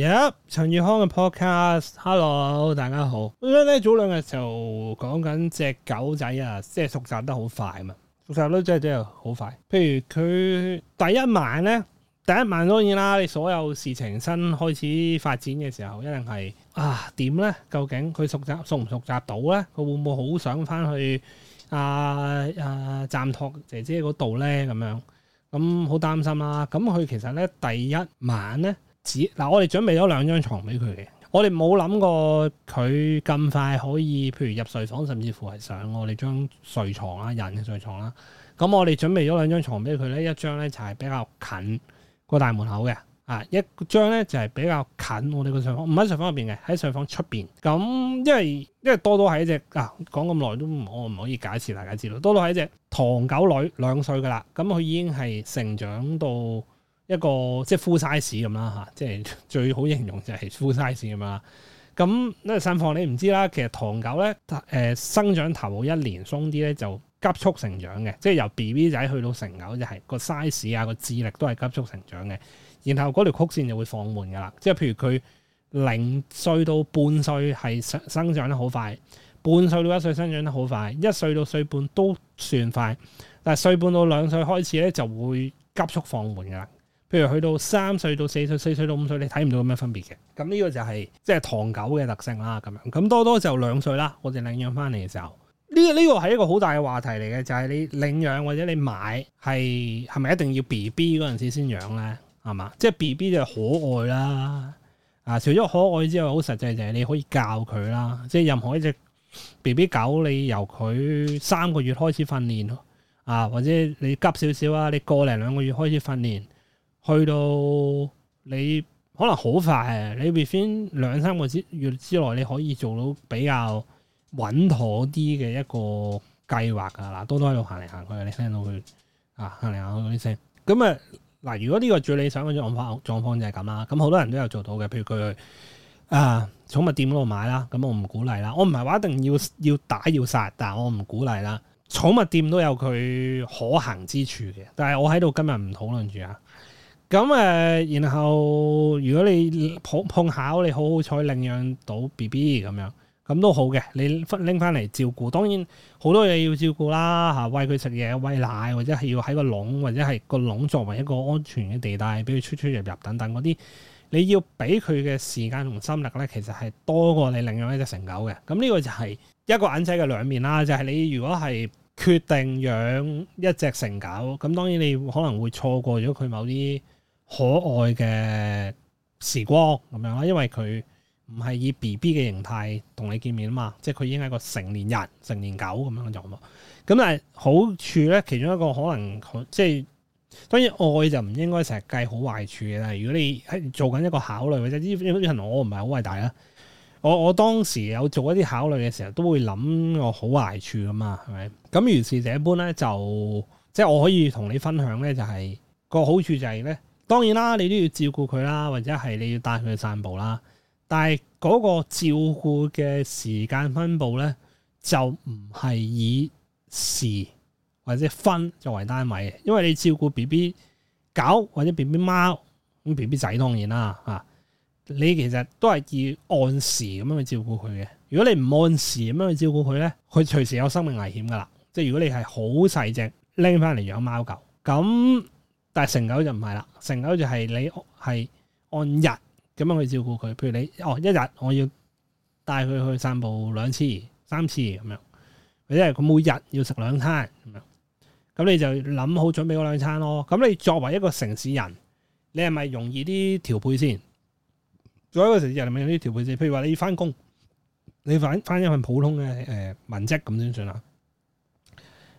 有陳宇康嘅 podcast，Hello，大家好。呢咧早兩日就講緊隻狗仔啊，即係熟習得好快嘛，熟習得真係真係好快。譬如佢第一晚咧，第一晚當然啦，你所有事情新開始發展嘅時候，一定係啊點咧？究竟佢熟習熟唔熟習到咧？佢會唔會好想翻去啊，啊，暫託姐姐嗰度咧？咁樣咁好擔心啦、啊。咁佢其實咧第一晚咧。只嗱，我哋準備咗兩張床俾佢嘅。我哋冇諗過佢咁快可以，譬如入睡房，甚至乎係上我哋張睡床啦、人嘅睡床啦。咁我哋準備咗兩張床俾佢咧，一張咧就係比較近個大門口嘅，啊，一張咧就係比較近我哋個睡房，唔喺睡房入邊嘅，喺睡房出面。咁因為因為多多係一隻啊，講咁耐都我唔可以解釋大家知道，多多係一隻唐狗女，兩歲噶啦，咁佢已經係成長到。一個即係 full size 咁啦嚇，即係最好形容就係 full size 咁樣啦。咁、嗯、嗱，散放你唔知啦，其實唐狗咧，誒、呃、生長頭一年鬆啲咧，就急速成長嘅，即係由 BB 仔去到成狗就係、是、個 size 啊個，個智力都係急速成長嘅。然後嗰條曲線就會放緩噶啦，即係譬如佢零歲到半歲係生生長得好快，半歲到一歲生長得好快，一歲到歲半都算快，但係歲半到兩歲開始咧就會急速放緩噶啦。譬如去到三歲到四歲，四歲到五歲，你睇唔到有咩分別嘅。咁呢個就係、是、即係唐狗嘅特性啦。咁樣咁多多就兩歲啦。我哋領養返嚟嘅時候，呢、這、呢個係、這個、一個好大嘅話題嚟嘅，就係、是、你領養或者你買係係咪一定要 B B 嗰陣時先養咧？係嘛？即係 B B 就可愛啦。啊，除咗可愛之外，好實際就係你可以教佢啦。即係任何一隻 B B 狗，你由佢三個月開始訓練啊，或者你急少少啊，你過零兩個月開始訓練。去到你可能好快，你喺兩三個月之內你可以做到比較穩妥啲嘅一個計劃㗎啦。多多喺度行嚟行去，你聽到佢啊行嚟行去嗰啲聲。咁啊嗱，如果呢個最理想嘅狀況就係咁啦。咁好多人都有做到嘅，譬如佢去啊寵物店嗰度買啦。咁我唔鼓勵啦。我唔係話一定要要打要殺，但我唔鼓勵啦。寵物店都有佢可行之處嘅，但係我喺度今日唔討論住啊。咁誒，然後如果你碰碰巧你好好彩領養到 B B 咁樣，咁都好嘅，你拎翻嚟照顧。當然好多嘢要照顧啦，嚇餵佢食嘢、餵奶，或者係要喺個籠，或者係個籠作為一個安全嘅地帶俾佢出出入入等等嗰啲，你要俾佢嘅時間同心力咧，其實係多過你領養一隻成狗嘅。咁呢個就係一個銀仔嘅兩面啦。就係你如果係決定養一隻成狗，咁當然你可能會錯過咗佢某啲可愛嘅時光咁樣啦，因為佢唔係以 B B 嘅形態同你見面啊嘛，即係佢已經係個成年人，成年狗咁樣就咁。咁但係好處咧，其中一個可能即係當然愛就唔應該成日計好壞處嘅啦。如果你喺做緊一個考慮或者呢呢人，我唔係好偉大啦。我我當時有做一啲考慮嘅時候，都會諗個好壞處噶嘛，係咪？咁如是這般咧，就即係我可以同你分享咧，就是，就係個好處就係、是、咧。當然啦，你都要照顧佢啦，或者係你要帶佢去散步啦。但係嗰個照顧嘅時間分佈咧，就唔係以時或者分作為單位嘅，因為你照顧 B B 狗或者 B B 貓咁 B B 仔當然啦吓，你其實都係要按時咁樣去照顧佢嘅。如果你唔按時咁樣去照顧佢咧，佢隨時有生命危險噶啦。即係如果你係好細隻拎翻嚟養貓狗咁。但係成狗就唔係啦，成狗就係你係按日咁樣去照顧佢，譬如你哦一日我要帶佢去散步兩次、三次咁樣，或者係佢每日要食兩餐咁樣，咁你就諗好準備嗰兩餐咯。咁你作為一個城市人，你係咪容易啲調配先？作為一個城市人，係咪容易啲調配先？譬如話你翻工，你翻翻一份普通嘅誒文職咁先算啦。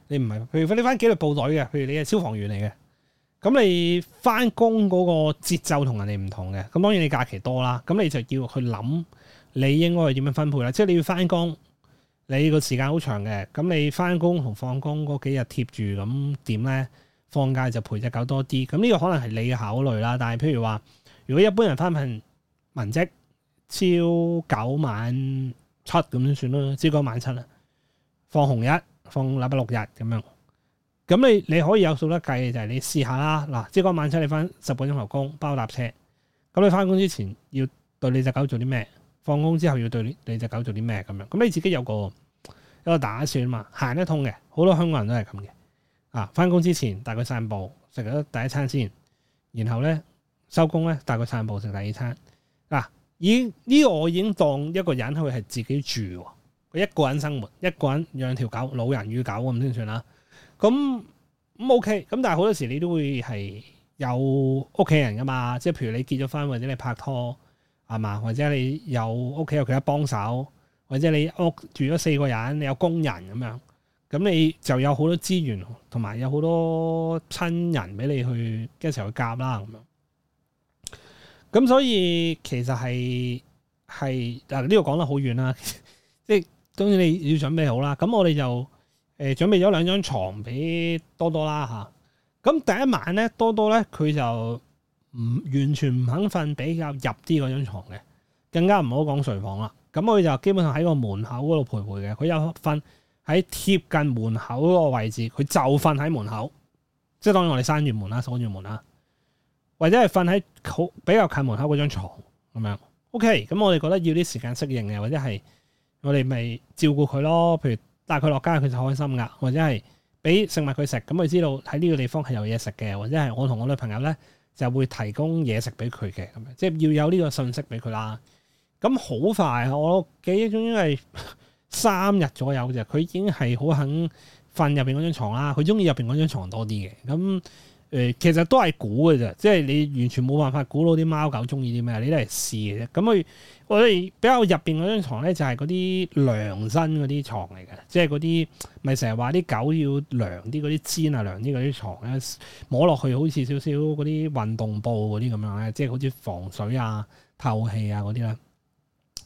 你唔係，譬如你翻紀律部隊嘅，譬如你係消防員嚟嘅。咁你翻工嗰個節奏同人哋唔同嘅，咁當然你假期多啦，咁你就要去諗，你應該係點樣分配啦，即係你要翻工，你個時間好長嘅，咁你翻工同放工嗰幾日貼住，咁點咧？放假就陪隻狗多啲，咁呢個可能係你嘅考慮啦。但係譬如話，如果一般人翻份文職，朝九晚七咁都算啦，朝九晚七啦，放紅日，放禮拜六日咁樣。咁你你可以有數得計嘅就係、是、你試下啦。嗱，即係晚餐你翻十個鐘頭工，包搭車。咁你翻工之前要對你隻狗做啲咩？放工之後要對你隻狗做啲咩咁樣？咁你自己有一個有一個打算嘛，行得通嘅。好多香港人都係咁嘅。啊，翻工之前帶佢散步，食咗第一餐先，然後咧收工咧帶佢散步食第二餐。嗱、啊，已、這、呢個我已經當一個人佢係自己住，佢一個人生活，一個人養條狗，老人與狗咁先算啦。咁 OK，咁但係好多時你都會係有屋企人噶嘛，即係譬如你結咗婚或者你拍拖係嘛，或者你有屋企有其他幫手，或者你屋住咗四個人，你有工人咁樣，咁你就有好多資源同埋有好多親人俾你去一齊去夾啦咁樣。咁所以其實係係嗱呢個講得好遠啦，即係當然你要準備好啦。咁我哋就。誒準備咗兩張床俾多多啦嚇，咁第一晚咧多多咧佢就唔完全唔肯瞓比較入啲嗰張床嘅，更加唔好講睡房啦。咁佢就基本上喺個門口嗰度徘徊嘅。佢有瞓喺貼近門口嗰個位置，佢就瞓喺門口，即係當然我哋閂住門啦，鎖住門啦，或者係瞓喺好比較近門口嗰張床咁樣。OK，咁我哋覺得要啲時間適應嘅，或者係我哋咪照顧佢咯，譬如。帶佢落街佢就開心噶，或者係俾食物佢食，咁佢知道喺呢個地方係有嘢食嘅，或者係我同我女朋友咧就會提供嘢食俾佢嘅，咁樣即係要有呢個信息俾佢啦。咁好快，我記憶中應係三日左右嘅啫，佢已經係好肯瞓入面嗰張床啦，佢中意入面嗰張床多啲嘅，咁。誒，其實都係估嘅啫，即係你完全冇辦法估到啲貓狗中意啲咩，你都係試嘅啫。咁我我哋比較入邊嗰張牀咧，就係嗰啲涼身嗰啲床嚟嘅，即係嗰啲咪成日話啲狗要涼啲，嗰啲氈啊涼啲嗰啲床咧，摸落去好似少少嗰啲運動布嗰啲咁樣咧，即係好似防水啊、透氣啊嗰啲啦。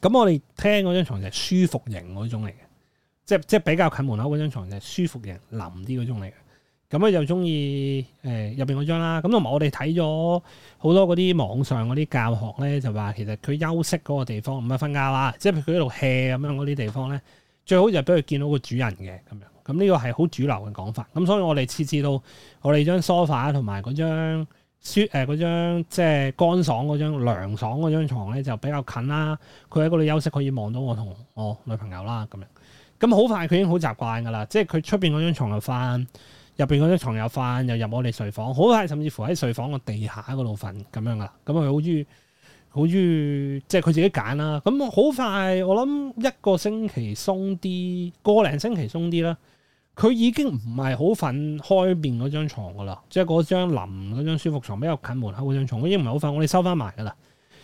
咁我哋廳嗰張牀就係舒服型嗰種嚟嘅，即係、即係比較近門口嗰張牀就係舒服型、腍啲嗰種嚟嘅。咁、嗯、佢就中意入面嗰張啦。咁同埋我哋睇咗好多嗰啲網上嗰啲教學咧，就話其實佢休息嗰個地方唔係瞓覺啦，即係佢喺度 hea 咁樣嗰啲地方咧，最好就俾佢見到個主人嘅咁樣。咁呢個係好主流嘅講法。咁所以我哋設置到我哋張梳化同埋嗰張舒嗰張即係、就是、乾爽嗰張涼爽嗰張床咧，就比較近啦。佢喺嗰度休息可以望到我同我女朋友啦。咁樣咁好快佢已經好習慣噶啦。即係佢出邊嗰張床就翻。入面嗰張床又瞓，又入我哋睡房，好快甚至乎喺睡房個地下嗰度瞓咁樣噶啦，咁佢好鍾意好鍾意，即係佢自己揀啦。咁好快我諗一個星期鬆啲，個零星期鬆啲啦。佢已經唔係好瞓開面嗰張床噶啦，即係嗰張臨嗰張舒服床，比較近門口嗰張床。佢已經唔係好瞓。我哋收翻埋噶啦，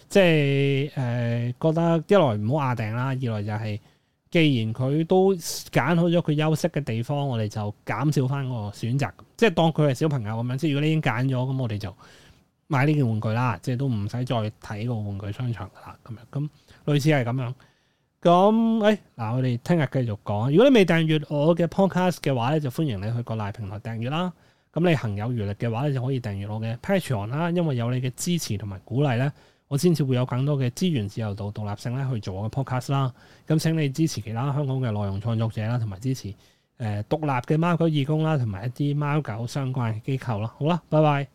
即係誒、呃、覺得一來唔好壓定啦，二來就係、是。既然佢都揀好咗佢休息嘅地方，我哋就減少返個選擇，即係當佢係小朋友咁樣。即如果你已經揀咗，咁我哋就買呢件玩具啦，即係都唔使再睇個玩具商場㗎啦。咁樣咁類似係咁樣。咁誒嗱，我哋聽日繼續講。如果你未訂閱我嘅 podcast 嘅話咧，就歡迎你去個大平台訂閱啦。咁你行有餘力嘅話咧，就可以訂閱我嘅 patron 啦。因為有你嘅支持同埋鼓勵咧。我先至會有更多嘅資源自由度、獨立性咧去做我嘅 podcast 啦。咁請你支持其他香港嘅內容創作者啦，同埋支持誒獨立嘅貓狗義工啦，同埋一啲貓狗相關嘅機構啦。好啦，拜拜。